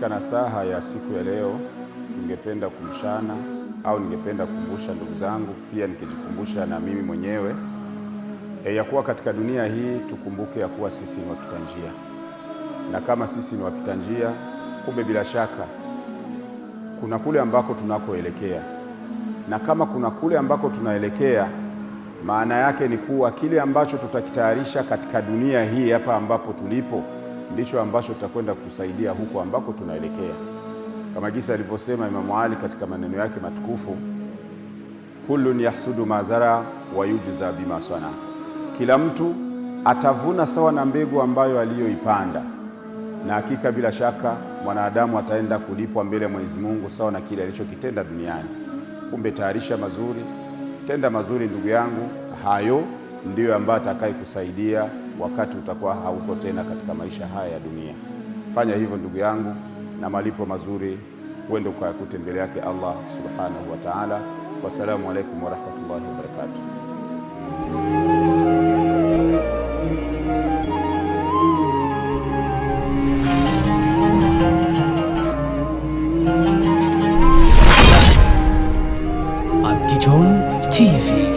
Katika nasaha ya siku ya leo, tungependa kumshana au ningependa kukumbusha ndugu zangu, pia nikijikumbusha na mimi mwenyewe e, ya kuwa katika dunia hii tukumbuke ya kuwa sisi ni wapita njia, na kama sisi ni wapita njia, kumbe bila shaka kuna kule ambako tunakoelekea, na kama kuna kule ambako tunaelekea, maana yake ni kuwa kile ambacho tutakitayarisha katika dunia hii hapa ambapo tulipo ndicho ambacho tutakwenda kutusaidia huko ambako tunaelekea. Kama jinsi alivyosema Imamu Ali katika maneno yake matukufu, kullun yahsudu mazara wa yujza bima sana, kila mtu atavuna sawa na mbegu ambayo aliyoipanda, na hakika bila shaka mwanadamu ataenda kulipwa mbele ya Mwenyezi Mungu sawa na kile alichokitenda duniani. Kumbe tayarisha mazuri, tenda mazuri ndugu yangu, hayo ndiyo ambaye atakaye kusaidia wakati utakuwa hauko tena katika maisha haya ya dunia. Fanya hivyo ndugu yangu, na malipo mazuri huenda ukayakute mbele yake Allah subhanahu wa ta'ala. Wassalamu alaikum warahmatullahi wabarakatuh. TV.